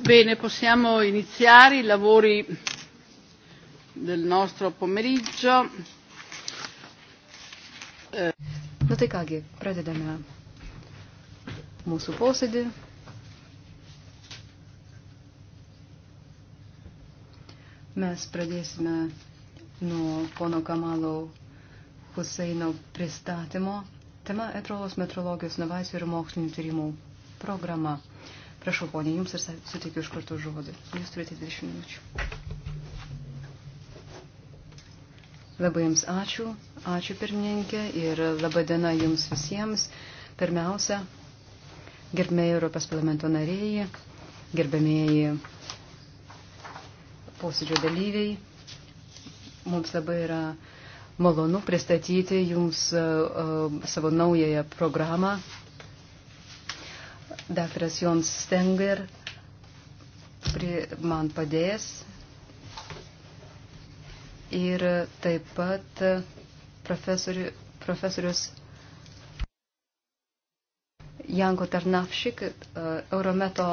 Bene, possiamo iniziare i lavori del nostro pomeriggio. Na tai kągi, pradedame mūsų posėdį. Mes pradėsime nuo pono Kamalo Huseino pristatymo Tema Etrolos metrologijos inovacijų ir mokslinių tyrimų programa. Prašau, ponė, jums ir suteikiu iš karto žodį. Jūs turite 20 minučių. Labai jums ačiū. Ačiū pirmininkė ir laba diena jums visiems. Pirmiausia, gerbėjai Europos parlamento nariai, gerbėmėjai posėdžio dalyviai. Mums labai yra malonu pristatyti Jums e, e, savo naująją programą. Daktaras Jons Stenger man padės ir taip pat profesori, profesorius Janko Tarnavšik, e, Eurometo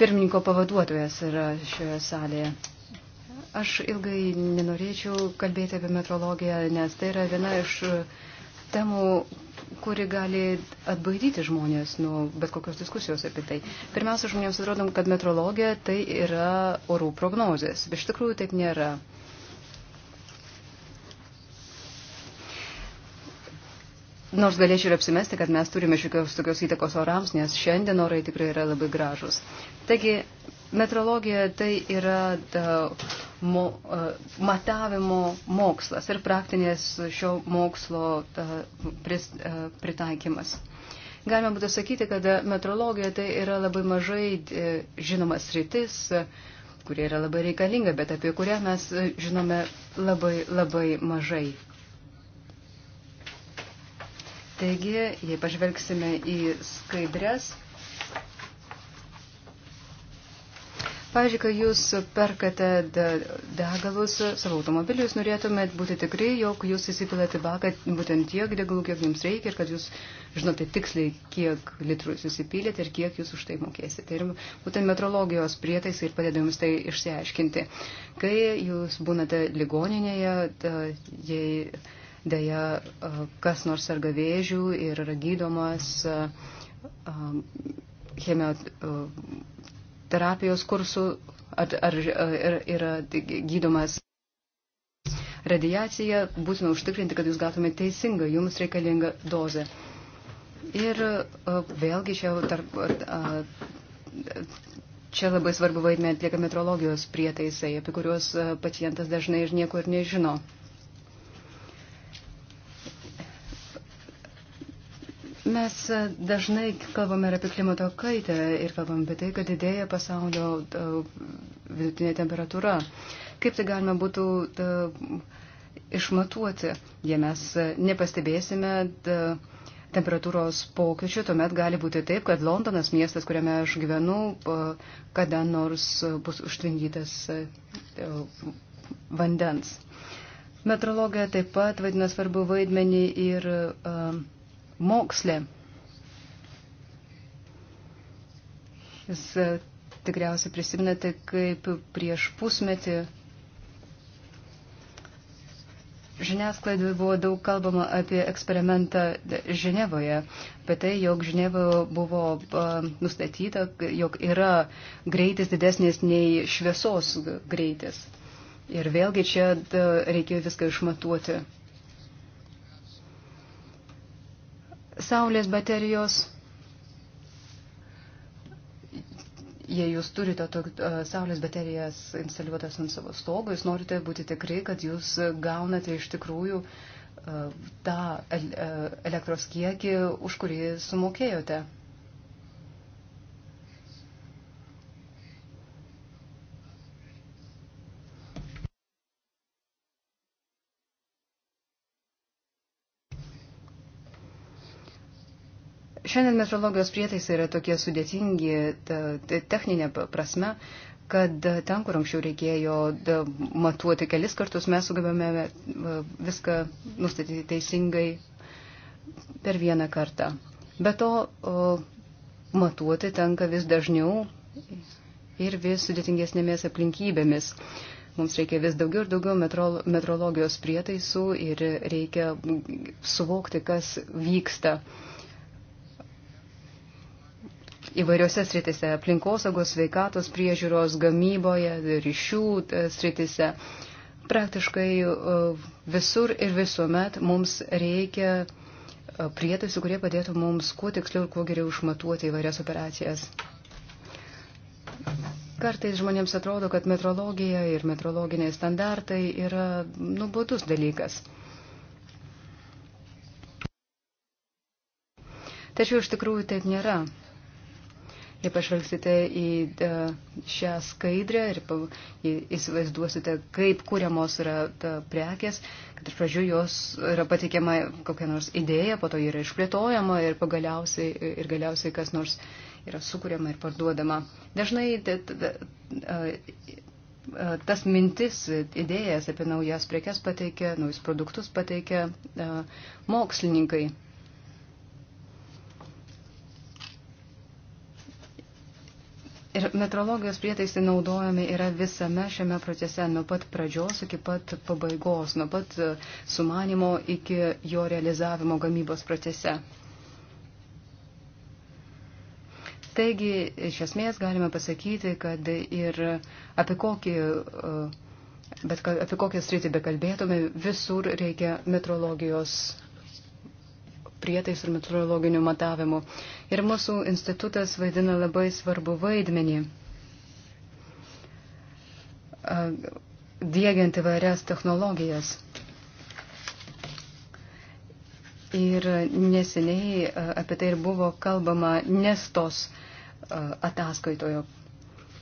pirmininko pavaduotojas yra šioje salėje. Aš ilgai nenorėčiau kalbėti apie metrologiją, nes tai yra viena iš e, temų, kuri gali atbaidyti žmonės nuo bet kokios diskusijos apie tai. Pirmiausia, žmonėms atrodom, kad metrologija tai yra orų prognozės. Iš tikrųjų taip nėra. Nors galėčiau ir apsimesti, kad mes turime šiokios tokios įtakos orams, nes šiandien orai tikrai yra labai gražus. Taigi, Metrologija tai yra da, mo, matavimo mokslas ir praktinės šio mokslo da, pris, pritaikymas. Galima būtų sakyti, kad metrologija tai yra labai mažai e, žinomas rytis, kurie yra labai reikalinga, bet apie kurią mes e, žinome labai, labai mažai. Taigi, jei pažvelgsime į skaidrės, Pavyzdžiui, kai jūs perkate degalus savo automobiliu, jūs norėtumėt būti tikri, jog jūs įsipilate baką būtent tiek degalų, kiek jums reikia ir kad jūs žinote tiksliai, kiek litrų jūs įsipilėte ir kiek jūs už tai mokėsite. Ir būtent metrologijos prietaisai ir padeda jums tai išsiaiškinti. Kai jūs būnate ligoninėje, da, jei dėja kas nors serga vėžių ir yra gydomas chemio terapijos kursų, ar, ar, ar yra gydomas radiacija, būtina užtikrinti, kad jūs gautumėte teisingą jums reikalingą dozę. Ir e, vėlgi čia, tarp, e, čia labai svarbu vaidmenį atlieka metrologijos prietaisai, apie kuriuos e, pacientas dažnai ir nieko ir nežino. Mes dažnai kalbame ir apie klimato kaitą ir kalbame apie tai, kad didėja pasaulio e, vidutinė temperatūra. Kaip tai galima būtų da, e, išmatuoti, jei mes nepastebėsime da, e, temperatūros pokyčių, tuomet gali būti taip, kad Londonas miestas, kuriame aš gyvenu, kada nors bus užtvindytas vandens. Metrologija taip pat vadina svarbu vaidmenį ir uh, mokslė. Jūs e, tikriausiai prisiminate, kaip prieš pusmetį žiniasklaidoje buvo daug kalbama apie eksperimentą Ženevoje, apie tai, jog Ženevoje buvo e, nustatyta, jog yra greitis didesnės nei šviesos greitis. Ir vėlgi čia e, reikėjo viską išmatuoti. saulės baterijos. Jei jūs turite to, saulės baterijas instaliuotas ant savo stogo, jūs norite būti tikri, kad jūs gaunate iš tikrųjų tą elektros kiekį, už kurį sumokėjote. Šiandien metrologijos prietaisai yra tokie sudėtingi ta, ta, techninė prasme, kad ten, kur anksčiau reikėjo da, matuoti kelis kartus, mes sugebėjome e, viską nustatyti teisingai per vieną kartą. Be to, o, matuoti tenka vis dažniau ir vis sudėtingesnėmis aplinkybėmis. Mums reikia vis daugiau ir daugiau metrologijos prietaisų ir reikia suvokti, kas vyksta įvairiose sritise - aplinkosaugos, sveikatos priežiūros, gamyboje, ryšių e, sritise. Praktiškai e, visur ir visuomet mums reikia e, prietaisų, kurie padėtų mums kuo tiksliau ir kuo geriau išmatuoti įvairias operacijas. Kartais žmonėms atrodo, kad metrologija ir metrologiniai standartai yra nubodus dalykas. Tačiau iš tikrųjų taip nėra. Jei pažvelgsite į e, šią skaidrę ir įsivaizduosite, kaip kūriamos yra e, prekės, kad iš pradžių jos yra patikiama kokia nors idėja, po to yra išplėtojama ir, pagaliausiai, e, ir galiausiai kas nors yra sukūriama ir parduodama. Dažnai tas mintis, idėjas apie naujas prekes pateikia, naujus produktus pateikia mokslininkai. metrologijos prietaisai naudojami yra visame šiame procese, nuo pat pradžios iki pat pabaigos, nuo pat e, sumanimo iki jo realizavimo gamybos procese. Taigi, iš esmės galime pasakyti, kad ir apie kokį, e, bet apie kokią sritį bekalbėtume, visur reikia metrologijos prietais ir meteorologinių matavimų. Ir mūsų institutas vaidina labai svarbu vaidmenį, dėgiant įvairias technologijas. Ir neseniai apie tai ir buvo kalbama nestos ataskaitojo,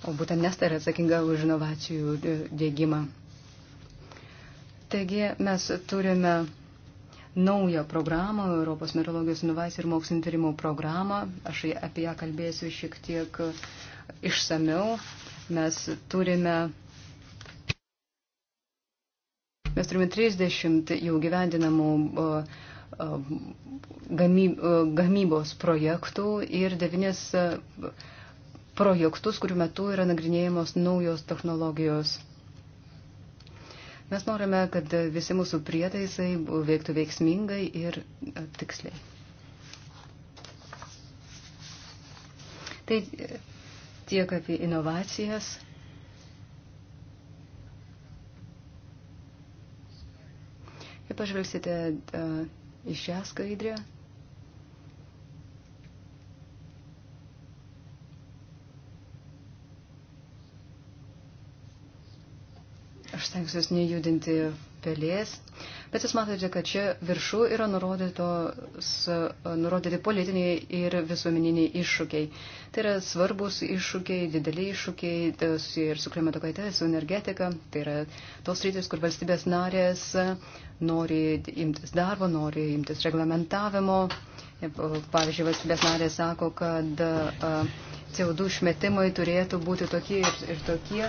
o būtent nesta yra atsakinga už inovacijų e, dėgymą. Taigi mes turime naują programą, Europos meteorologijos inovacijų ir mokslinio tyrimų programą. Aš apie ją kalbėsiu šiek tiek išsameu. Mes turime Mes turime 30 jau gyvendinamų gamybos projektų ir 9 projektus, kurių metu yra nagrinėjamos naujos technologijos. Mes norime, kad visi mūsų prietaisai veiktų veiksmingai ir e, tiksliai. Tai tiek apie inovacijas. Jei pažvelgsite e, į šią skaidrę, Aš stengsiuosi nejudinti pelės, bet jūs matote, kad čia viršų yra nurodyti politiniai ir visuomeniniai iššūkiai. Tai yra svarbus iššūkiai, dideliai iššūkiai tai susiję ir su klimato kaita, su energetika. Tai yra tos rytis, kur valstybės narės nori imtis darbo, nori imtis reglamentavimo. Pavyzdžiui, valstybės narės sako, kad CO2 išmetimai turėtų būti tokie ir, ir tokie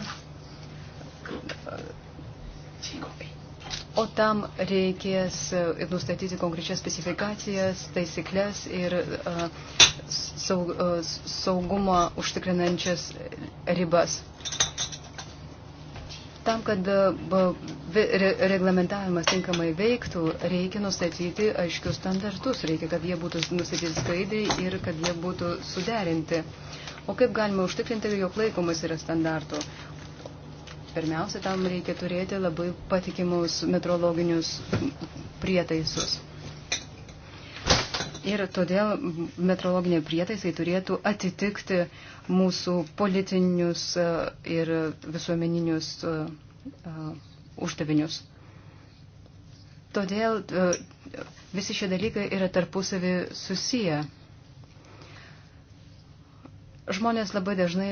O tam reikės e, nustatyti konkrečias specifikacijas, taisyklės ir uh, saug, uh, saugumą užtikrinančias ribas. Tam, kad reglamentavimas tinkamai veiktų, reikia nustatyti aiškius standartus, reikia, kad jie būtų nustatyti skaidriai ir kad jie būtų suderinti. O kaip galima užtikrinti, jog laikomas yra standartų? Pirmiausia, tam reikia turėti labai patikimus metrologinius prietaisus. Ir todėl metrologiniai prietaisai turėtų atitikti mūsų politinius e, ir visuomeninius e, e, uždavinius. Todėl visi šie dalykai yra tarpusavį susiję žmonės labai dažnai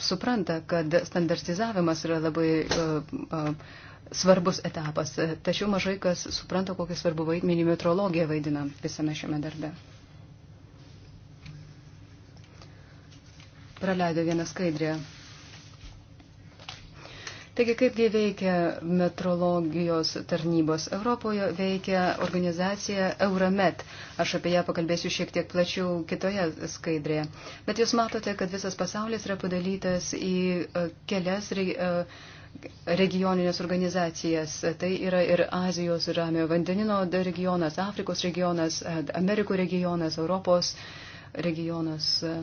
supranta, kad standartizavimas yra labai uh, uh, svarbus etapas, tačiau mažai kas supranta, kokį svarbų vaidmenį metrologija vaidina visame šiame darbe. Praleido vieną skaidrę. Taigi, kaipgi veikia metrologijos tarnybos Europoje, veikia organizacija Euromet. Aš apie ją pakalbėsiu šiek tiek plačiau kitoje skaidrėje. Bet jūs matote, kad visas pasaulis yra padalytas į e, kelias e, regioninės organizacijas. Tai yra ir Azijos ir Ramio vandenino regionas, Afrikos regionas, Amerikų regionas, Europos regionas. E,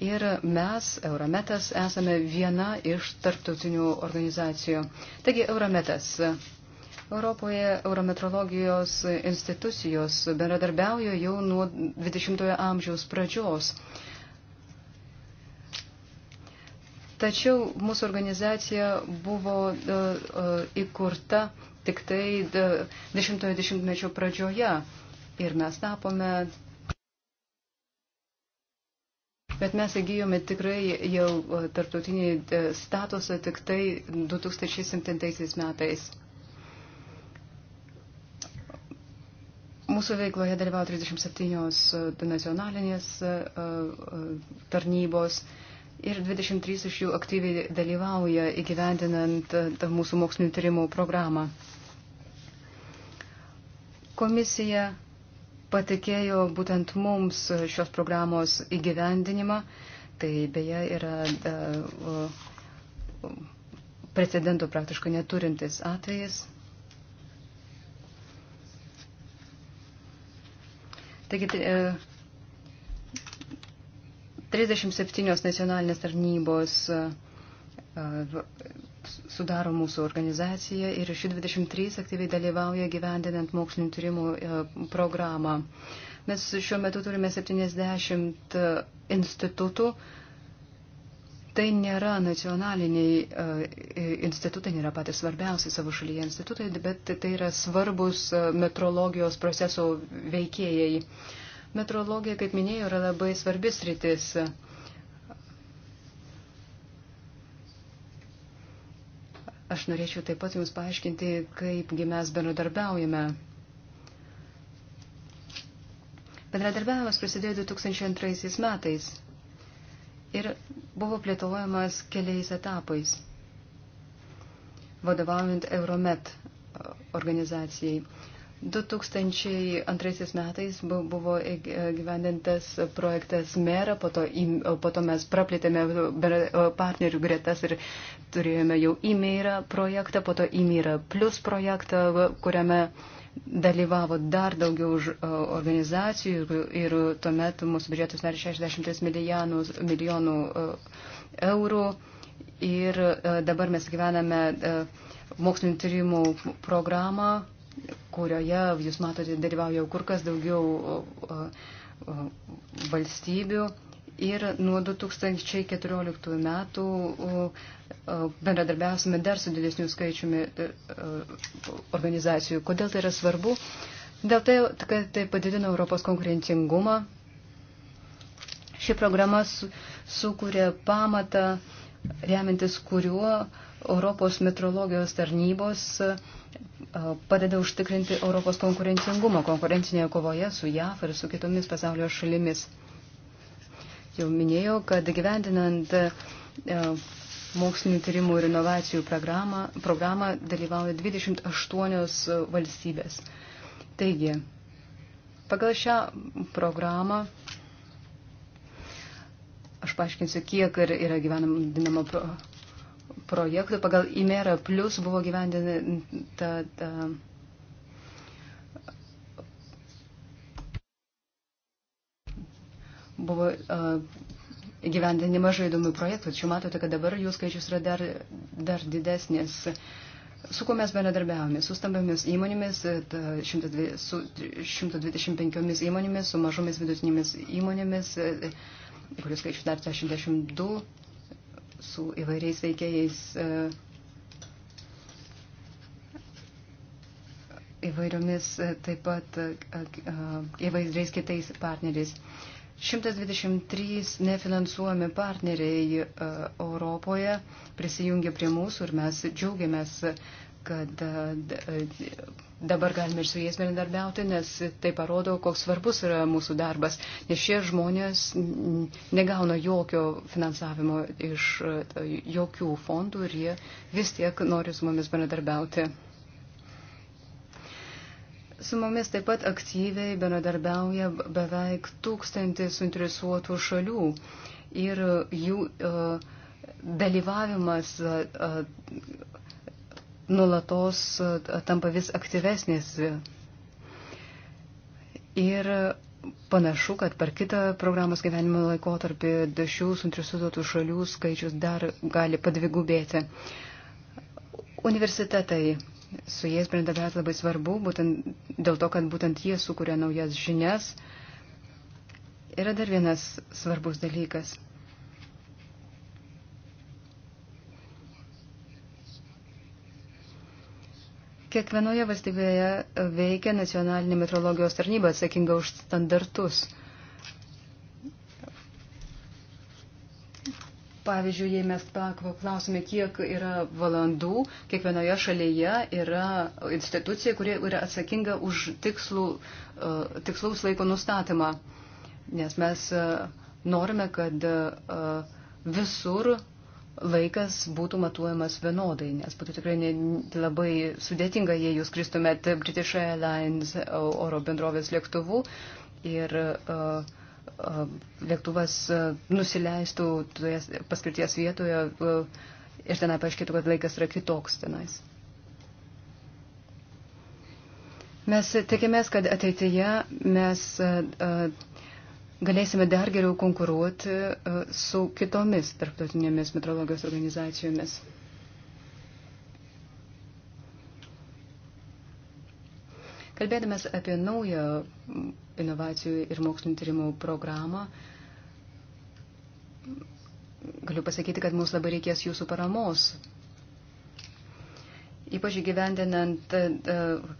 Ir mes, Eurometas, esame viena iš tarptautinių organizacijų. Taigi, Eurometas. Europoje eurometrologijos institucijos bendradarbiauja jau nuo 20-ojo amžiaus pradžios. Tačiau mūsų organizacija buvo uh, uh, įkurta tik tai 10-ojo e, dešimtmečio pradžioje ir mes tapome Bet mes įgyjome tikrai jau e, tarptautinį e, statusą tik tai 2007 metais. Mūsų veikloje dalyvavo 37 e, nacionalinės tarnybos ir 23 iš jų aktyviai dalyvauja įgyvendinant mūsų mokslinių tyrimų programą. Komisija patikėjo būtent mums šios programos įgyvendinimą. Tai beje yra e, precedentų praktiškai neturintis atvejis. Taigi, 37 e, nacionalinės tarnybos e, sudaro mūsų organizacija ir iš jų 23 aktyviai dalyvauja gyvendinant mokslinio tyrimų e, programą. Mes šiuo metu turime 70 e, institutų. Tai nėra nacionaliniai e, institutai, nėra patys svarbiausi savo šalyje institutai, bet tai, tai yra svarbus metrologijos proceso veikėjai. Metrologija, kaip minėjau, yra labai svarbis rytis. Aš norėčiau taip pat Jums paaiškinti, kaipgi mes bendradarbiaujame. Bendradarbiavimas prasidėjo 2002 metais ir buvo plėtojamas keliais etapais, vadovaujant Euromet e, organizacijai. 2002 metais buvo e, gyvendintas projektas Mera, po to, po to mes praplėtėme e, partnerių gretas ir turėjome jau Imera projektą, po to Imera Plus projektą, kuriame dalyvavo dar daugiau e, organizacijų ir tuomet mūsų biudžetas dar 63 milijonų, milijonų eurų ir dabar mes gyvename mokslinio tyrimų programą kurioje, jūs matote, dalyvauja kur kas daugiau valstybių. Ir nuo 2014 metų bendradarbiausime dar su didesniu skaičiumi e, e, organizacijų. Kodėl tai yra svarbu? Dėl tai, kad tai padidina Europos konkurencingumą. Ši programa su, sukūrė pamatą, remiantis kuriuo Europos metrologijos tarnybos uh, padeda užtikrinti Europos konkurencingumą konkurencinėje kovoje su JAF ir su kitomis pasaulio šalimis. Jau minėjau, kad gyvendinant mokslinių tyrimų ir inovacijų programą, programą dalyvauja 28 valstybės. Taigi, pagal šią programą aš paaiškinsiu, kiek yra gyvenama projektų pagal Imera Plus buvo gyvendinta buvo įgyvendinti nemažai įdomių projektų, tačiau matote, kad dabar jų skaičius yra dar, dar didesnis. Su kuo mes bendradarbiavome? Su stambiamis įmonėmis, su 125 įmonėmis, su mažomis vidutinėmis įmonėmis, kurių skaičius dar 62 su įvairiais veikėjais, e, įvairiomis e, taip pat e, įvairiais kitais partneriais. 123 nefinansuojami partneriai Europoje prisijungia prie mūsų ir mes džiaugiamės, kad Dabar galime ir su jais bendradarbiauti, nes tai parodo, koks svarbus yra mūsų darbas, nes šie žmonės negauna jokio finansavimo iš e, jokių fondų ir jie vis tiek nori su mumis bendradarbiauti. Su mumis taip pat aktyviai bendradarbiauja beveik tūkstantis suinteresuotų šalių ir jų uh, dalyvavimas. Uh, uh, nulatos tampa vis aktyvesnis. Ir panašu, kad per kitą programos gyvenimo laikotarpį šių suinteresuotų šalių skaičius dar gali padvigubėti. Universitetai su jais bendradarbiauti labai svarbu, būtent dėl to, kad būtent jie sukuria naujas žinias. Yra dar vienas svarbus dalykas. Kiekvienoje valstybėje veikia nacionalinė metrologijos tarnyba atsakinga už standartus. Pavyzdžiui, jei mes klausime, kiek yra valandų, kiekvienoje šalyje yra institucija, kuri yra atsakinga už tikslų, e, tikslaus laiko nustatymą. Nes mes e, norime, kad e, visur laikas būtų matuojamas vienodai, nes būtų tikrai ne, labai sudėtinga, jei jūs kristumėt British Airlines oro bendrovės lėktuvu ir uh, uh, lėktuvas uh, nusileistų toje paskirties vietoje uh, ir tenai paaiškėtų, kad laikas yra kitoks tenais. Mes tikimės, kad ateityje mes. Uh, uh, galėsime dar geriau konkuruoti e, su kitomis tarptautinėmis metrologijos organizacijomis. Kalbėdamas apie naują inovacijų ir mokslinio tyrimų programą, galiu pasakyti, kad mums labai reikės jūsų paramos. Ypač įgyvendinant uh,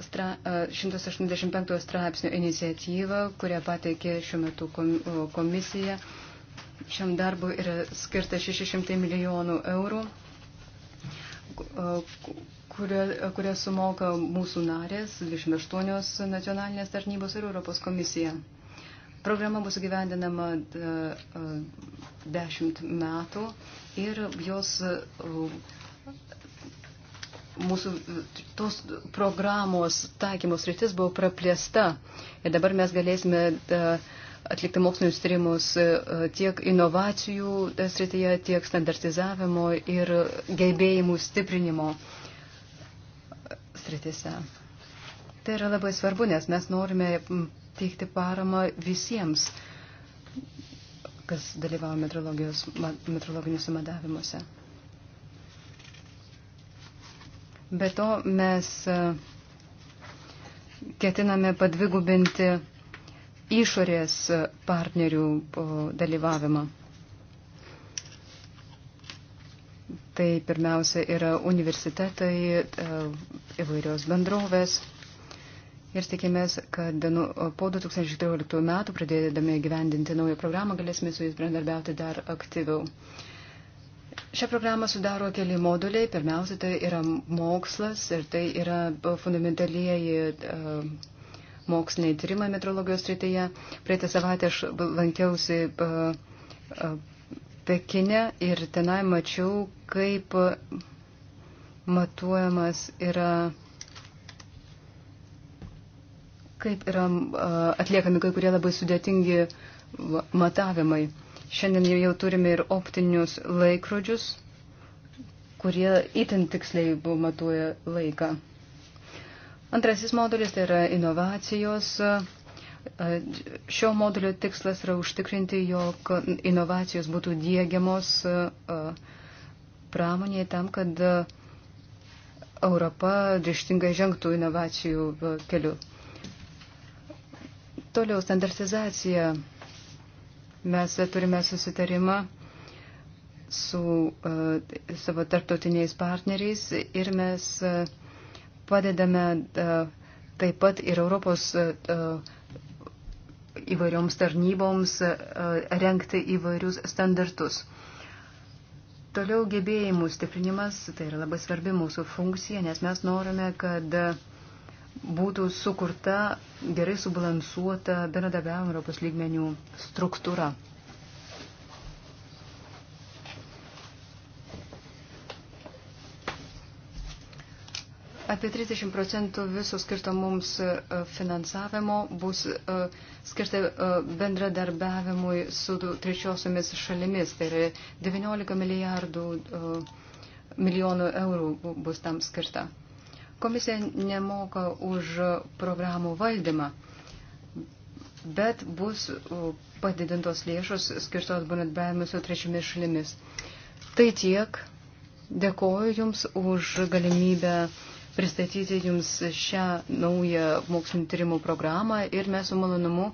stra, 185 straipsnio iniciatyva, kurią pateikė šiuo metu komisija. Šiam darbui yra skirta 600 milijonų eurų, kurią sumoka mūsų narės, 28 nacionalinės tarnybos ir Europos komisija. Programa bus gyvendinama 10 metų ir jos mūsų tos programos taikymos rytis buvo praplėsta ir dabar mes galėsime e, atlikti mokslinius tyrimus e, tiek inovacijų e, srityje, tiek standartizavimo ir gebėjimų stiprinimo srityse. Tai yra labai svarbu, nes mes norime teikti paramą visiems, kas dalyvavo metrologiniuose madavimuose. Be to mes e, ketiname padvigubinti išorės partnerių e, dalyvavimą. Tai pirmiausia yra universitetai, e, įvairios bendrovės. Ir tikimės, kad nu, po 2014 metų, pradėdami gyvendinti naują programą, galėsime su jais bendarbiauti dar aktyviau. Uh, Šią programą sudaro keli moduliai. Pirmiausia, tai yra mokslas ir tai yra fundamentalieji e, moksliniai tyrimai metrologijos srityje. Praeitą savaitę aš lankiausi e, e, Pekine ir tenai mačiau, kaip matuojamas yra, kaip yra atliekami kai kurie labai sudėtingi matavimai. Šiandien jau turime ir optinius laikrodžius, kurie itin tiksliai matuoja laiką. Antrasis modulis tai yra inovacijos. Šio modulio tikslas yra užtikrinti, jog inovacijos būtų dėgiamos pramonėje tam, kad Europa ryštingai žengtų inovacijų keliu. Toliau standartizacija Mes turime susitarimą su uh, savo tarptautiniais partneriais ir mes uh, padedame uh, taip pat ir Europos uh, įvairioms tarnyboms uh, renkti įvairius standartus. Toliau gebėjimų stiprinimas, tai yra labai svarbi mūsų funkcija, nes mes norime, kad uh, būtų sukurta gerai subalansuota bendradarbiavimo Europos lygmenių struktūra. Apie 30 procentų viso skirto mums e, finansavimo bus e, skirta e, bendradarbiavimui su trečiosiomis šalimis. Tai yra 19 milijardų milijonų eurų bus tam skirta. Komisija nemoka už programų valdymą, bet bus padidintos lėšos skirtos bendradarbiavimui su trečiomis šalimis. Tai tiek. Dėkoju Jums už galimybę pristatyti Jums šią naują mokslinio tyrimų programą ir mes su malonumu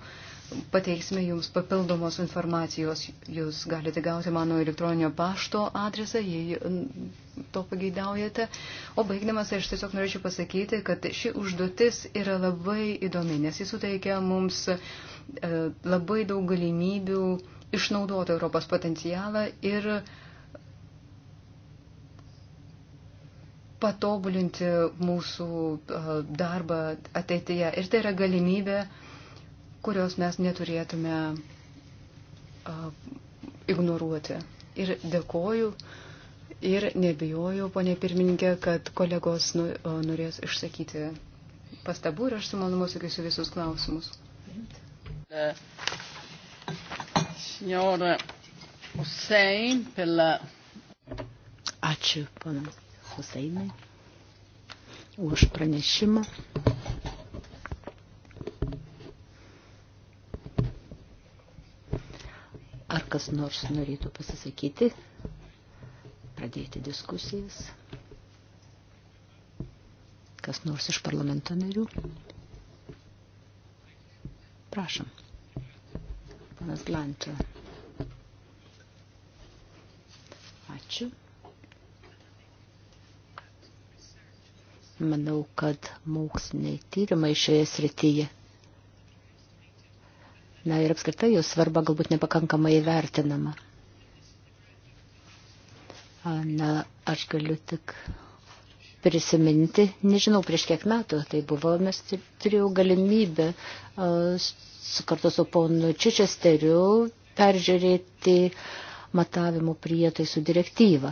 pateiksime jums papildomos informacijos. Jūs galite gauti mano elektroninio pašto adresą, jei to pageidaujate. O baigdamas aš tiesiog norėčiau pasakyti, kad ši užduotis yra labai įdomi, nes jis suteikia mums e, labai daug galimybių išnaudoti Europos potencialą ir patobulinti mūsų e, darbą ateityje. Ir tai yra galimybė uh, kurios mes neturėtume ignoruoti. Ir dėkoju ir nebijoju, ponė pirmininkė, kad kolegos nu, norės išsakyti pastabų ir aš su manumu sakysiu visus klausimus. Signora Hussein, per la... Ačiū, pana Huseinai, už pranešimą. kas nors norėtų pasisakyti, pradėti diskusijas? Kas nors iš parlamento narių? Prašom. Panas Lantė. Ačiū. Manau, kad moksliniai tyrimai šioje srityje Na ir apskritai jos svarba galbūt nepakankamai įvertinama. Na, aš galiu tik prisiminti, nežinau, prieš kiek metų tai buvo, mes turėjau galimybę su kartu su ponu Čičesteriu peržiūrėti matavimo prietaisų direktyvą.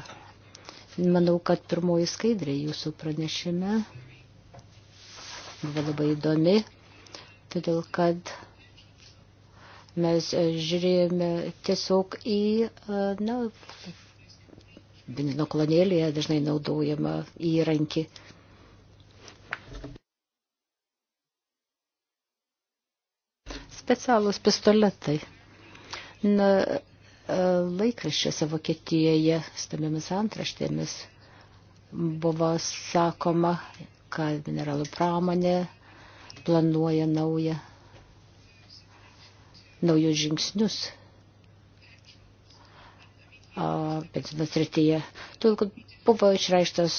Manau, kad pirmoji skaidrė jūsų pranešime buvo labai įdomi, todėl kad Mes e, žiūrėjome tiesiog į, e, na, vinino kolonėlėje dažnai naudojama įrankį. Specialūs pistoletai. Na, e, laikraščiuose Vokietijoje, stambiamis antraštėmis, buvo sakoma, kad mineralų pramonė planuoja naują naujus žingsnius benzino srityje. Todėl, kad buvo išreikštas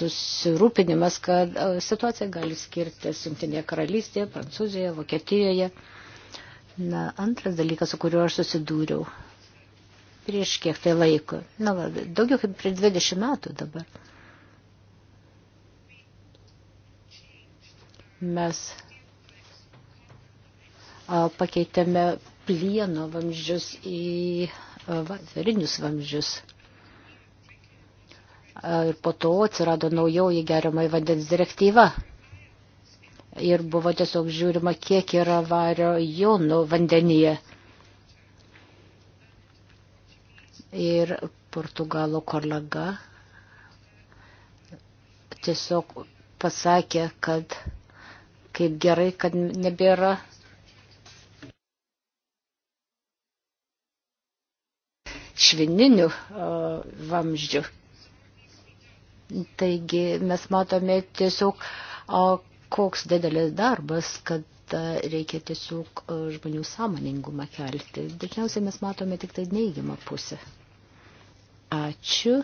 susirūpinimas, kad situacija gali skirtis Junktinėje karalystėje, Prancūzijoje, Vokietijoje. Na, antras dalykas, su kuriuo aš susidūriau prieš kiek tai laiko. Na, va, daugiau kaip prieš 20 metų dabar. Mes pakeitėme plieno vamzdžius į varinius vamzdžius. Ir po to atsirado naujoji geriamai vandens direktyva. Ir buvo tiesiog žiūrima, kiek yra vario jonų vandenyje. Ir portugalų kolega tiesiog pasakė, kad kaip gerai, kad nebėra švininių vamzdžių. Taigi mes matome tiesiog, koks didelis darbas, kad reikia tiesiog žmonių sąmoningumą kelti. Dažniausiai mes matome tik tai neįgimą pusę. Ačiū.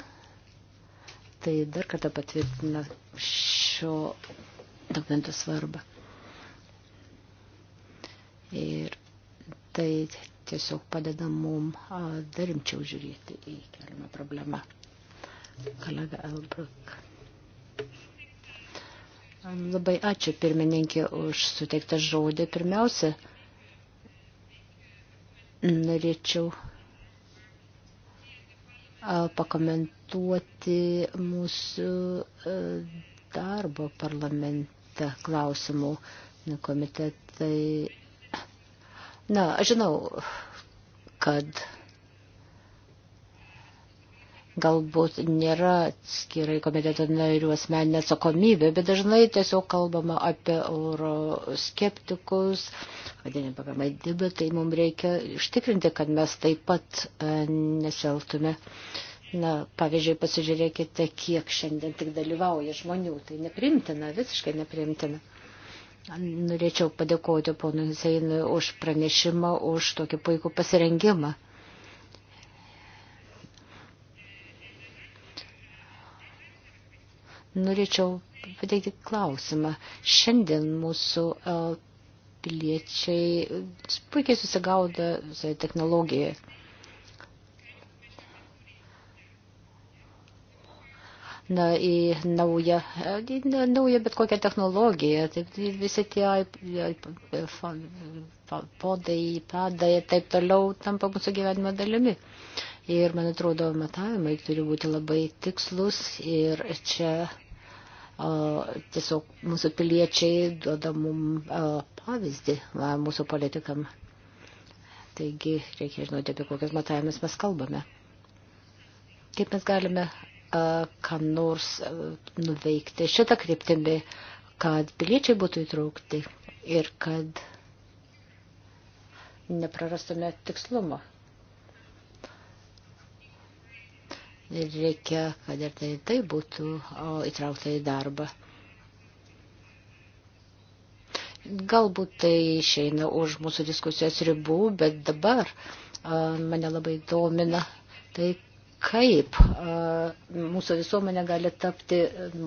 Tai dar kartą patvirtina šio dokumento svarbą. Ir tai tiesiog padeda mum rimčiau žiūrėti į keliamą problemą. Kolega Elbruk. Labai ačiū pirmininkė už suteiktą žodį. Pirmiausia, norėčiau pakomentuoti mūsų darbo parlamente klausimų komitetai Na, aš žinau, kad galbūt nėra skirai komiteto narių asmeninė atsakomybė, bet dažnai tiesiog kalbama apie euroskeptikus, vadinimą pakamai dibę, tai mums reikia ištikrinti, kad mes taip pat e, nesieltume. Na, pavyzdžiui, pasižiūrėkite, kiek šiandien tik dalyvauja žmonių, tai neprimtina, visiškai neprimtina. Norėčiau padėkoti ponui Zeinui už pranešimą, už tokį puikų pasirengimą. Norėčiau pateikti klausimą. Šiandien mūsų e, piliečiai puikiai susigaudo technologijoje. na, į naują, į naują bet kokią technologiją. Taip, tai visi tie podai, padai ir taip toliau tampa mūsų gyvenimo dalimi. Ir, man atrodo, matavimai turi būti labai tikslus ir čia o, tiesiog mūsų piliečiai duoda mums pavyzdį va, mūsų politikam. Taigi reikia žinoti, apie kokias matavimus mes kalbame. Kaip mes galime ką nors nuveikti šitą kryptimį, kad piliečiai būtų įtraukti ir kad neprarastume tikslumo. Ir reikia, kad ir tai, tai būtų įtraukta į darbą. Galbūt tai išeina už mūsų diskusijos ribų, bet dabar mane labai domina tai, kaip e, mūsų visuomenė gali tapti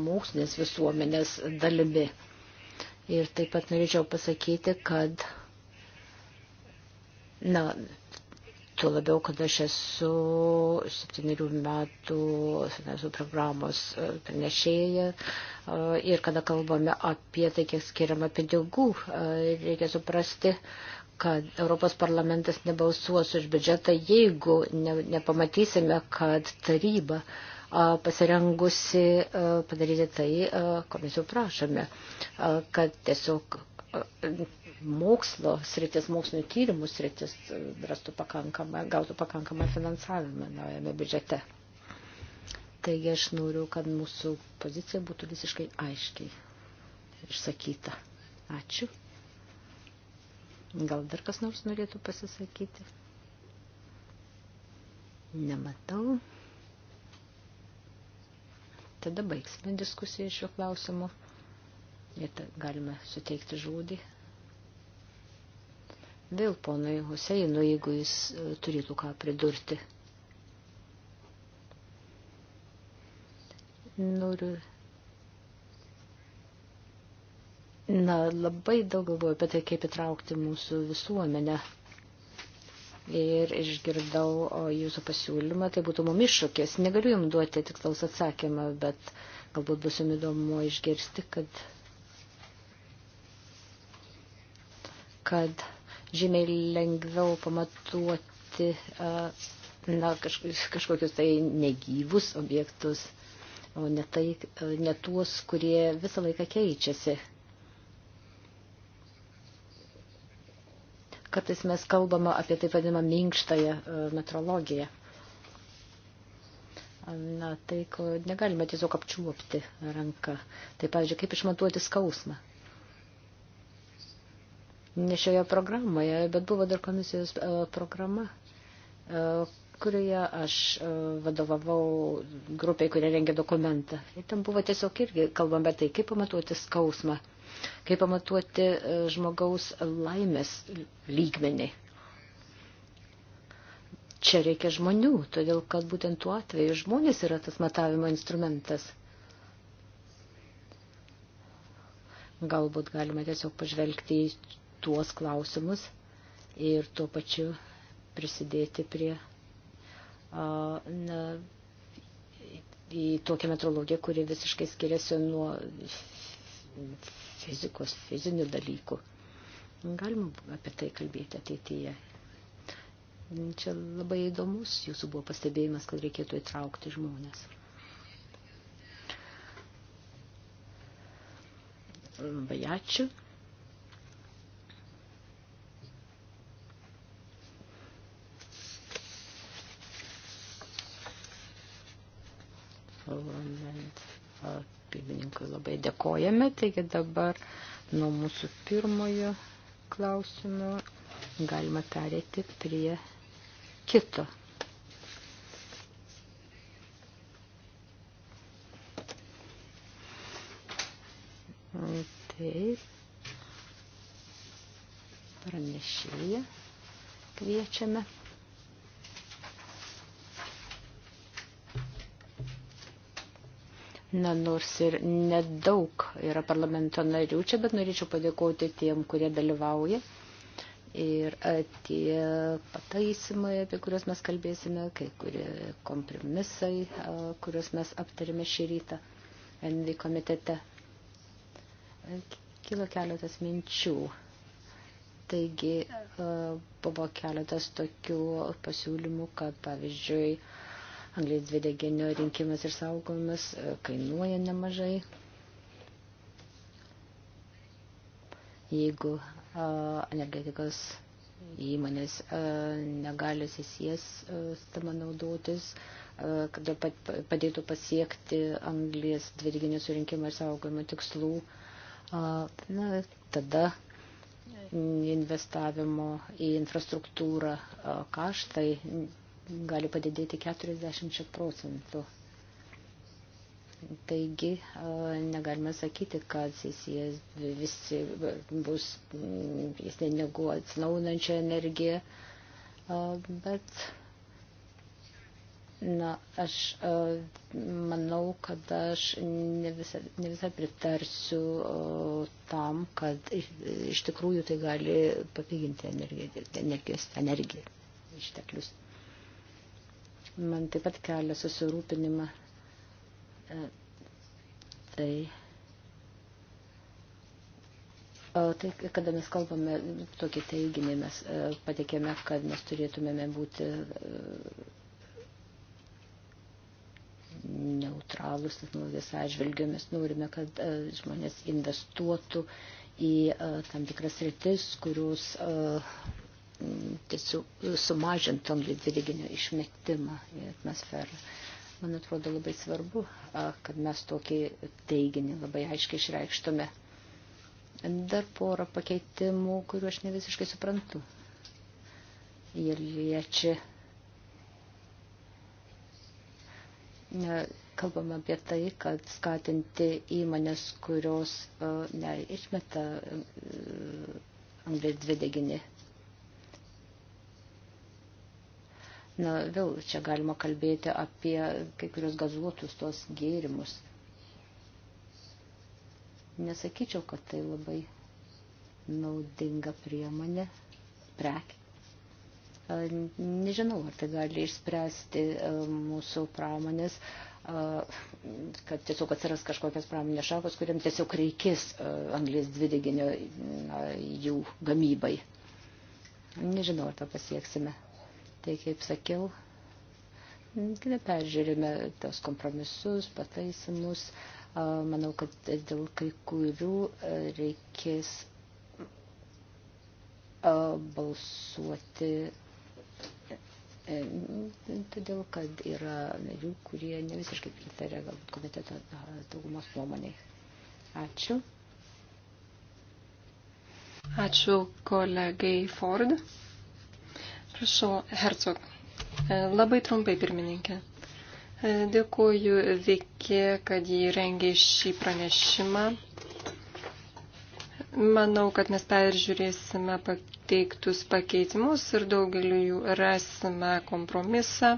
mokslinės visuomenės dalimi. Ir taip pat norėčiau pasakyti, kad, na, tuo labiau, kad aš esu septyniarių metų finansų programos e, pranešėja e, ir kada kalbame apie tai, kiek skiriama pinigų, reikia suprasti, kad Europos parlamentas nebalsuos už biudžetą, jeigu ne, nepamatysime, kad taryba a, pasirengusi a, padaryti tai, a, ko mes jau prašome, a, kad tiesiog a, mokslo sritis, mokslinio tyrimų sritis rastų pakankamą, gautų pakankamą finansavimą naujame biudžete. Taigi aš noriu, kad mūsų pozicija būtų visiškai aiškiai išsakyta. Ačiū. Gal dar kas nors norėtų pasisakyti? Nematau. Tada baigsime diskusiją šiuo klausimu. Ir galime suteikti žodį. Vėl ponui Huseinu, jeigu jis e, turėtų ką pridurti. Noriu Na, labai daug galvoju apie tai, kaip įtraukti mūsų visuomenę. Ir išgirdau jūsų pasiūlymą, tai būtų mum iššūkis. Negaliu jums duoti tikslaus atsakymą, bet galbūt bus jums įdomu išgirsti, kad, kad žymiai lengviau pamatuoti na, kažkokius tai negyvus objektus, o ne, tai, ne tuos, kurie visą laiką keičiasi kartais mes kalbame apie taip vadinamą minkštąją e, metrologiją. Na, tai ko negalime tiesiog apčiuopti ranką. Tai, pavyzdžiui, kaip išmatuoti skausmą. Ne šioje programoje, bet buvo dar komisijos e, programa, e, kurioje aš vadovavau grupiai, kurie rengė dokumentą. Ir ten buvo tiesiog irgi kalbama apie tai, kaip pamatuoti skausmą kaip pamatuoti e, žmogaus laimės lygmenį. Čia reikia žmonių, todėl kad būtent tuo atveju žmonės yra tas matavimo instrumentas. Galbūt galima tiesiog pažvelgti į tuos klausimus ir tuo pačiu prisidėti prie a, na, į tokią metrologiją, kuri visiškai skiriasi nuo fizikos, fizinių dalykų. Galima apie tai kalbėti ateityje. Čia labai įdomus jūsų buvo pastebėjimas, kad reikėtų įtraukti žmonės. Labai ačiū. Government of Pirmininkui labai dėkojame. Taigi dabar nuo mūsų pirmojo klausimo galima perėti prie kito. Taip. Pranešėją kviečiame. Na, nors ir nedaug yra parlamento narių čia, bet norėčiau padėkoti tiem, kurie dalyvauja. Ir e, tie pataisimai, apie kuriuos mes kalbėsime, kai kurie kompromisai, e, kuriuos mes aptarėme šį rytą NV komitete, e, kilo keletas minčių. Taigi buvo keletas tokių pasiūlymų, kad pavyzdžiui, Anglės dvideginio rinkimas ir saugomas e, kainuoja nemažai. Jeigu energetikos įmonės negali sisies sistema naudotis, kad padėtų pasiekti anglės dvideginio surinkimo ir saugojimo tikslų, na, tada investavimo į infrastruktūrą kaštai gali padidėti 40 procentų. Taigi negalime sakyti, kad jis visi bus jisai negu atsinaunančia energija, bet na, aš manau, kad aš ne visą, ne visą pritarsiu tam, kad iš tikrųjų tai gali papiginti energijos, energijos energiją išteklius. Man taip pat kelia susirūpinimą e, tai, tai kada mes kalbame tokį teiginį, mes e, patikėme, kad mes turėtumėme būti e, neutralus technologijos atžvilgiu, mes norime, kad žmonės investuotų į tam tikras rytis, kurios tiesiog sumažinti anglį dvideginio išmetimą į atmosferą. Man atrodo labai svarbu, kad mes tokį teiginį labai aiškiai išreikštume. Dar porą pakeitimų, kuriuo aš ne visiškai suprantu. Ir jie čia kalbam apie tai, kad skatinti įmonės, kurios ne, išmeta anglės dvideginį Na, vėl čia galima kalbėti apie kai kurios gazuotus tuos gėrimus. Nesakyčiau, kad tai labai naudinga priemonė, prekė. Nežinau, ar tai gali išspręsti mūsų pramonės, kad tiesiog atsiras kažkokios pramonės šakos, kuriam tiesiog reikės anglės dvideginio jų gamybai. Nežinau, ar tą pasieksime. Tai kaip sakiau, peržiūrime tos kompromisus, pataisimus. Manau, kad dėl kai kurių reikės balsuoti e, todėl, kad yra narių, kurie ne visiškai pritarė galbūt komiteto daugumos nuomonėj. Ačiū. Ačiū kolegai Ford. Prašau, Hercog. E, labai trumpai, pirmininkė. E, dėkuoju Viki, kad jį rengė šį pranešimą. Manau, kad mes peržiūrėsime pateiktus pakeitimus ir daugeliu jų rasime kompromisą.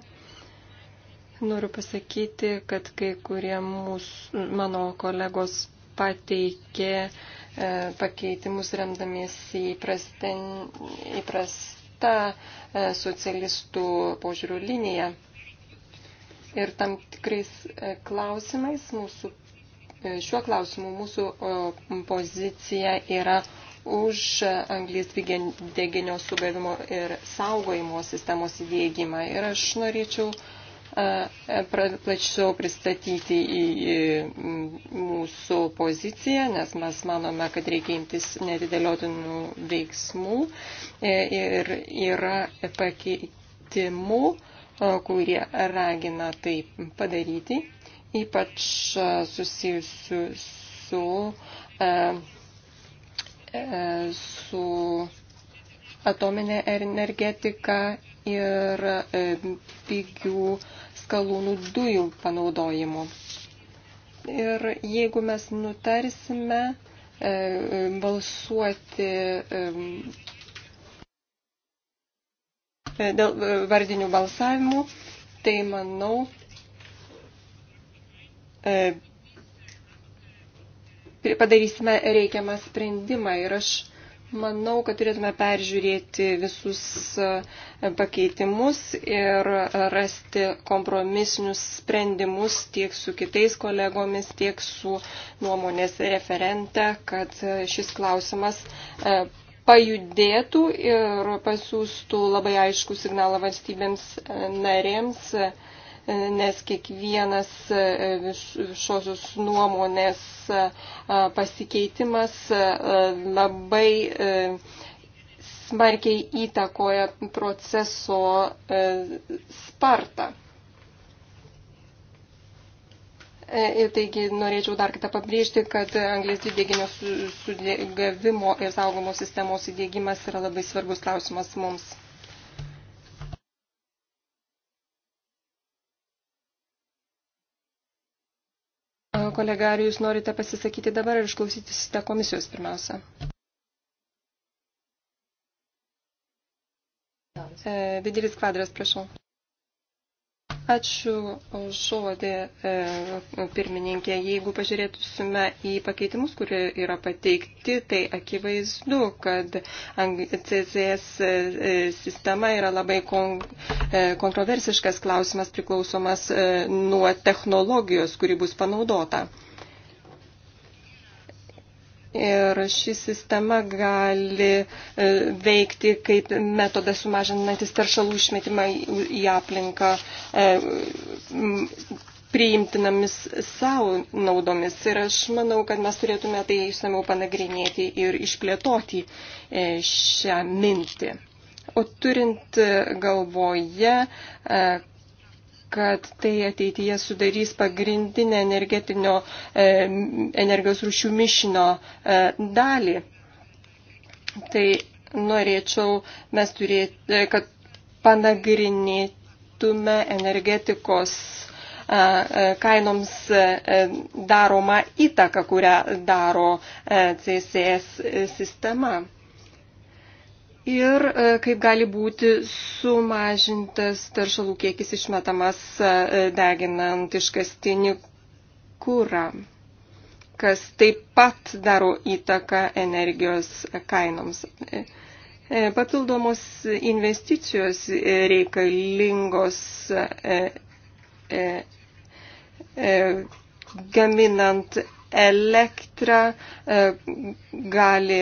Noriu pasakyti, kad kai kurie mūsų, mano kolegos pateikė e, pakeitimus remdamiesi įprastin, įpras, kita e, socialistų požiūrių linija. Ir tam tikrais e, klausimais mūsų, e, šiuo klausimu mūsų pozicija yra už anglės dvigenio sugavimo ir saugojimo sistemos įdėgymą. Ir aš norėčiau uh, plačiau pristatyti į mūsų poziciją, nes mes manome, kad reikia imtis nedideliotinų veiksmų e, ir yra pakeitimų, kurie ragina tai padaryti, ypač susijusių su, su atominė energetika ir e, pigių skalūnų dujų panaudojimu. Ir jeigu mes nutarsime e, e, balsuoti dėl vardinių balsavimų, tai manau, padarysime reikiamą sprendimą ir aš Manau, kad turėtume peržiūrėti visus e, pakeitimus ir rasti kompromisinius sprendimus tiek su kitais kolegomis, tiek su nuomonės referente, kad e, šis klausimas e, pajudėtų ir pasiūstų labai aišku signalą valstybėms narėms nes kiekvienas e, viešosios nuomonės e, pasikeitimas e, labai smarkiai įtakoja proceso spartą. Ir taigi norėčiau dar kitą pabrėžti, kad anglės dvideginio sudėgavimo ir saugomo sistemos įdėgymas yra labai svarbus klausimas mums. kolega, ar jūs norite pasisakyti dabar ir išklausyti sitą komisijos pirmiausia? E, Vidiris kvadras, prašau. Ačiū už žodį, e, pirmininkė. Jeigu pažiūrėtume į pakeitimus, kurie yra pateikti, tai akivaizdu, kad CCS e, e, sistema yra labai kontroversiškas klausimas priklausomas nuo technologijos, kuri bus panaudota. Ir ši sistema gali e, veikti kaip metodas sumažinantis taršalų išmetimą į aplinką e, priimtinamis savo naudomis. Ir aš manau, kad mes turėtume tai išsameu panagrinėti ir išplėtoti e, šią mintį. O turint galvoje, kad tai ateityje sudarys pagrindinę energetinio e, energijos rūšių mišinio e, dalį. Tai norėčiau mes turėti, e, kad panagrinėtume energetikos kainoms daroma įtaka, kurią daro CCS sistema ir e, kaip gali būti sumažintas taršalų kiekis išmetamas e, deginant iškastinį kūrą, kas taip pat daro įtaką energijos kainoms. E, papildomos investicijos reikalingos gaminant elektrą gali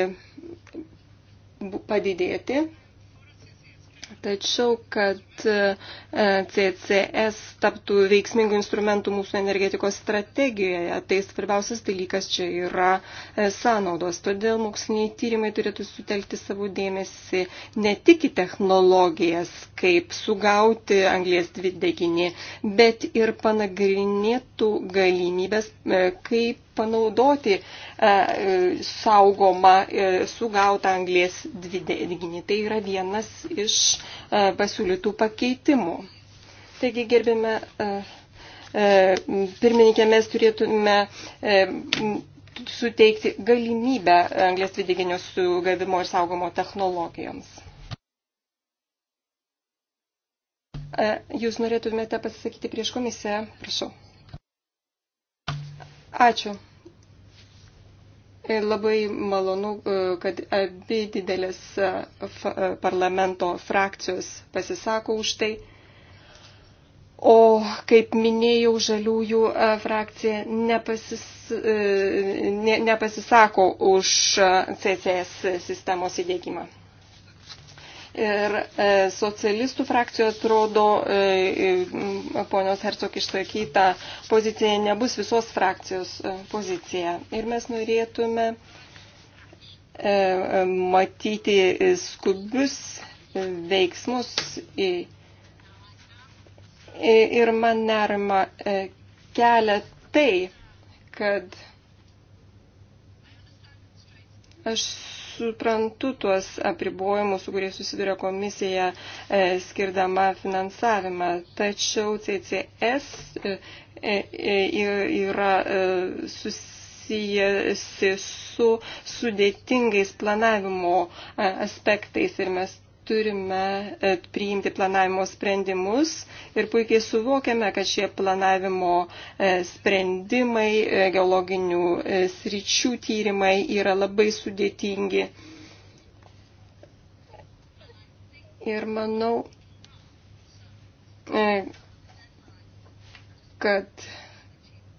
padidėti, tačiau kad E, CCS taptų veiksmingų instrumentų mūsų energetikos strategijoje. Tai svarbiausias dalykas čia yra e, sąnaudos. Todėl moksliniai tyrimai turėtų sutelkti savo dėmesį ne tik į technologijas, kaip sugauti anglės dvideginį, bet ir panagrinėtų galimybės, e, kaip panaudoti saugomą sugautą anglės dvideginį. Tai yra vienas iš pasiūlytų pakeitimų pakeitimų. Taigi, gerbime e, pirmininkė, mes turėtume e, suteikti galimybę anglės dvideginio sugavimo ir saugomo technologijoms. E, jūs norėtumėte pasisakyti prieš komisiją? Prašau. Ačiū. E, labai malonu, e, kad abi didelės e, parlamento frakcijos pasisako už tai. O kaip minėjau, žaliųjų frakcija nepasis, ne, nepasisako už CCS sistemos įdėgymą. Ir e, socialistų frakcijų atrodo, e, e, ponios Hercog išsakyta pozicija nebus visos frakcijos pozicija. Ir mes norėtume matyti skubius veiksmus į. Ir man nerima kelia tai, kad aš suprantu tuos apribojimus, su kuriais susiduria komisija e, skirdama finansavimą. Tačiau CCS e, e, e, yra e, susijęs su sudėtingais planavimo e, aspektais ir mes turime e, priimti planavimo sprendimus ir puikiai suvokiame, kad šie planavimo e, sprendimai, e, geologinių sričių tyrimai yra labai sudėtingi. Ir manau, kad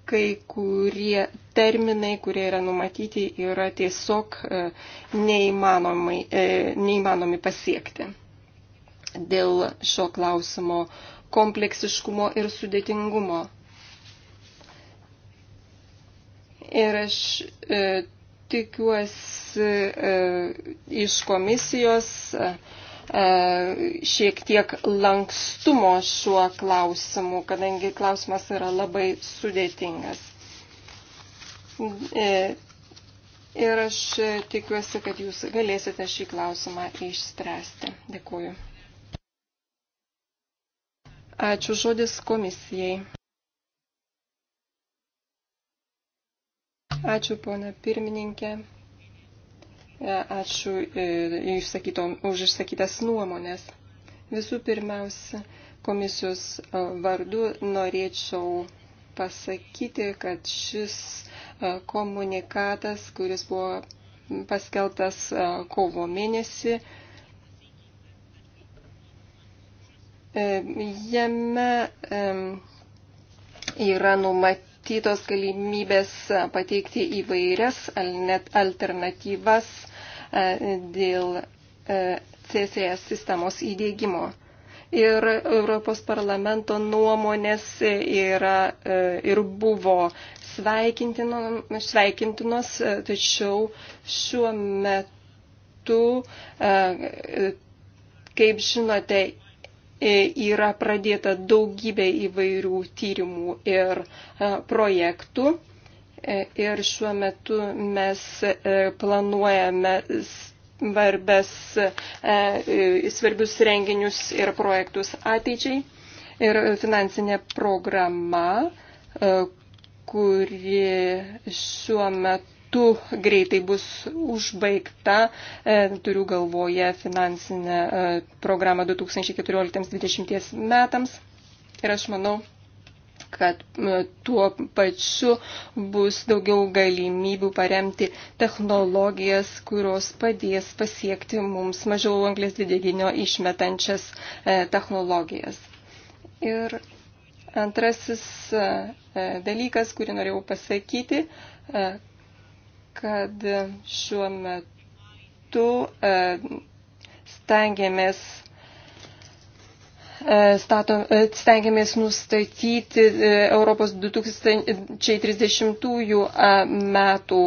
kai kurie terminai, kurie yra numatyti, yra tiesiog e, neįmanomi, e, neįmanomi pasiekti. Dėl šio klausimo kompleksiškumo ir sudėtingumo. Ir aš e, tikiuosi e, iš komisijos e, E, šiek tiek lankstumo šiuo klausimu, kadangi klausimas yra labai sudėtingas. E, ir aš tikiuosi, kad jūs galėsite šį klausimą išspręsti. Dėkuoju. Ačiū žodis komisijai. Ačiū, ponė pirmininkė. E, ačiū e, už išsakytas nuomonės. Visų pirmiausia, komisijos e, vardu norėčiau pasakyti, kad šis komunikatas, kuris buvo paskeltas kovo mėnesį, jame yra numatytos galimybės pateikti įvairias net alternatyvas E, dėl e, CCS sistemos įdėgymo. Ir Europos parlamento nuomonės yra e, ir buvo sveikintinos, tačiau šiuo metu, kaip žinote, yra pradėta daugybė įvairių tyrimų ir projektų E, ir šiuo metu mes e, planuojame svarbes, e, svarbius renginius ir projektus ateičiai. Ir finansinė programa, kuri šiuo metu greitai bus užbaigta, turiu galvoje finansinę programą 2014-2020 metams. Ir aš manau, kad e, tuo pačiu bus daugiau galimybių paremti technologijas, kurios padės pasiekti mums mažiau anglės dvideginio išmetančias e, technologijas. Ir antrasis e, dalykas, kurį norėjau pasakyti, kad šiuo metu stengiamės E, stato, e, stengiamės nustatyti e, Europos 2030 metų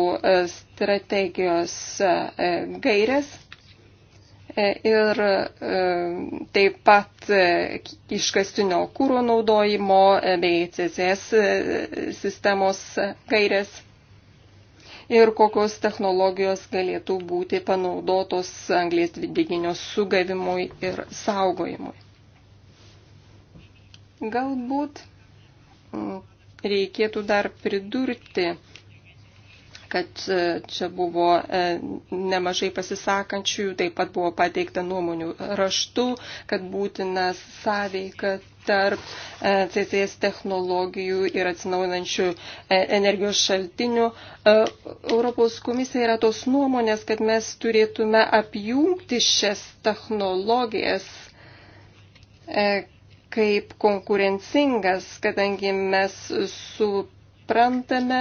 strategijos gairės. Ir taip pat iškastinio kūro naudojimo bei CCS sistemos gairės ir kokios technologijos galėtų būti panaudotos anglės dvideginio sugavimui ir saugojimui. Galbūt reikėtų dar pridurti, kad e, čia buvo e, nemažai pasisakančių, taip pat buvo pateikta nuomonių raštu, kad būtina sąveika tarp e, CCS technologijų ir atsinaujinančių energijos šaltinių. Europos komisija yra tos nuomonės, kad mes turėtume apjungti šias technologijas kaip konkurencingas, kadangi mes suprantame,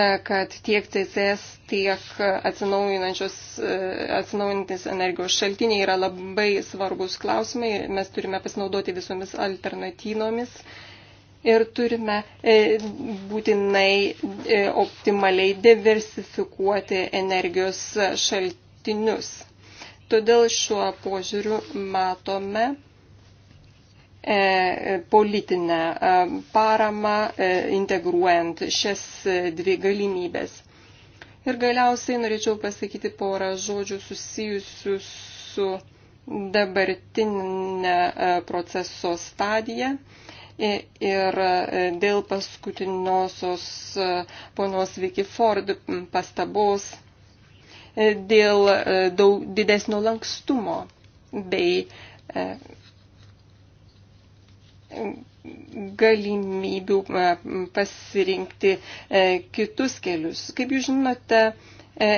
e, kad tiek CCS, tiek e, atsinaujinantis energijos šaltiniai yra labai svarbus klausimai. Mes turime pasinaudoti visomis alternatyvomis ir turime e, būtinai optimaliai diversifikuoti energijos šaltinius. Todėl šiuo požiūriu matome, E, politinę e, paramą e, integruojant šias dvi galimybės. Ir galiausiai norėčiau pasakyti porą žodžių susijusių su dabartinė proceso stadija ir dėl paskutiniosios ponios Vicky Ford pastabos dėl daug didesnio lankstumo bei galimybių e, pasirinkti e, kitus kelius. Kaip jūs žinote, e,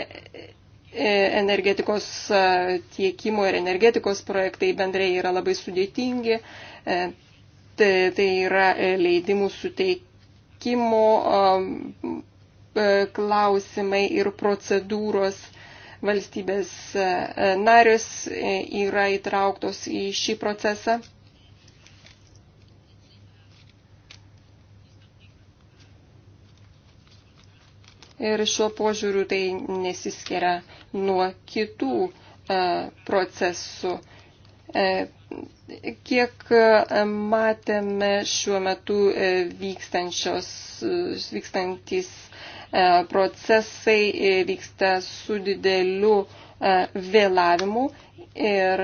energetikos tiekimo ir energetikos projektai bendrai yra labai sudėtingi. Tai, tai yra leidimų suteikimo klausimai ir procedūros valstybės narius yra įtrauktos į šį procesą. ir šiuo požiūriu tai nesiskiria nuo kitų e, procesų. E, kiek e, matėme šiuo metu vykstantis procesai vyksta su dideliu vėlavimu ir,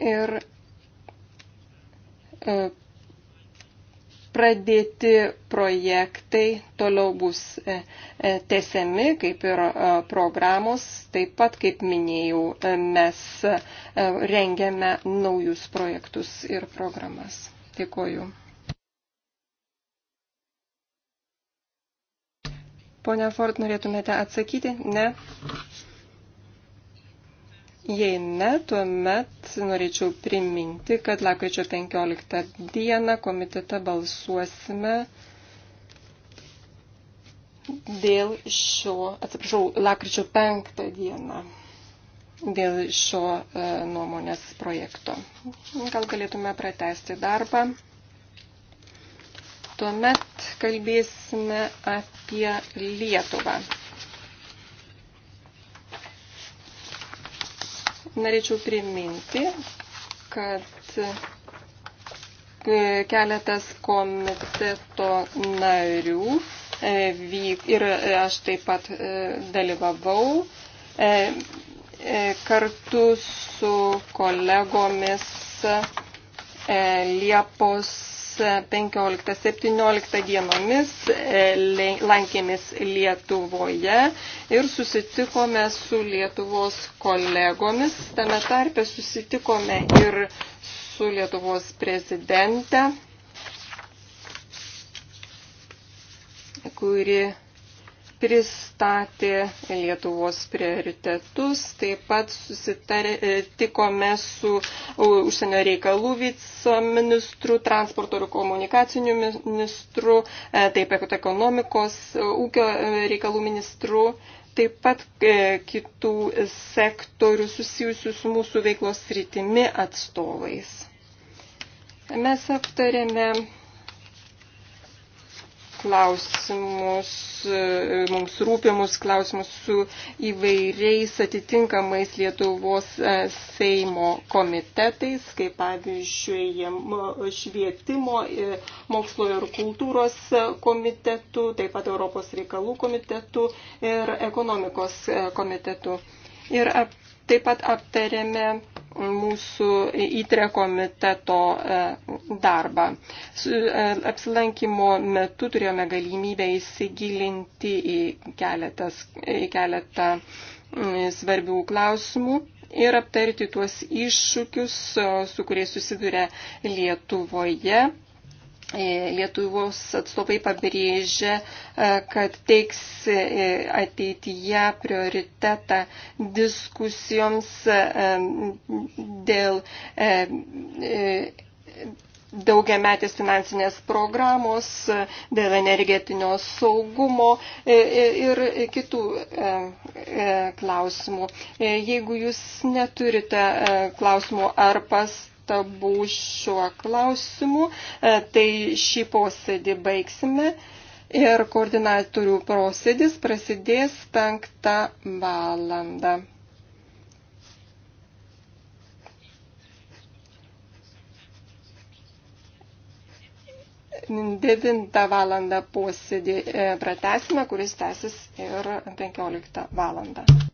ir pradėti projektai toliau bus e, e, tesiami, kaip ir e, programos. Taip pat, kaip minėjau, mes rengiame naujus projektus ir programas. Dėkuoju. Pone Ford, norėtumėte atsakyti? Ne. Jei ne, tuomet norėčiau priminti, kad lakryčio 15 dieną komitete balsuosime dėl šio, atsiprašau, lakryčio 5 dieną dėl šio e, nuomonės projekto. Gal galėtume pratesti darbą. Tuomet kalbėsime apie Lietuvą. norėčiau priminti, kad e, keletas komiteto narių e, vyk, ir e, aš taip pat dalyvavau kartu su kolegomis Liepos 15-17 dienomis e, lankėmės Lietuvoje ir susitikome su Lietuvos kolegomis. Tame tarpe susitikome ir su Lietuvos prezidente, kuri pristatė Lietuvos prioritetus, taip pat susitikome e, su e, užsienio reikalų viceministru, transporto ir komunikacinių ministru, e, taip pat ekonomikos, ūkio reikalų ministru, taip pat kitų sektorių susijusių su mūsų veiklos rytimi atstovais. Mes aptarėme klausimus, e, mums rūpimus klausimus su įvairiais atitinkamais Lietuvos e, Seimo komitetais, kaip pavyzdžiui švietimo, e, mokslo ir kultūros komitetu, taip pat Europos reikalų komitetu ir ekonomikos komitetu. Ir taip pat aptarėme mūsų įtre komiteto e, darbą. E, apsilankimo metu turėjome galimybę įsigilinti į, keletas, į keletą svarbių klausimų ir aptarti tuos iššūkius, su kuriais susiduria Lietuvoje E, Lietuvos atstovai pabrėžia, e, kad teiks e, ateityje prioritetą diskusijoms dėl daugiametės finansinės programos, dėl energetinio saugumo ir kitų klausimų. Jeigu jūs neturite klausimų ar pastabų, pastabų šiuo klausimu, e, tai šį posėdį baigsime ir koordinatorių posėdis prasidės 5 valandą. Devintą valandą posėdį e, pratesime, kuris tęsis ir penkioliktą valandą.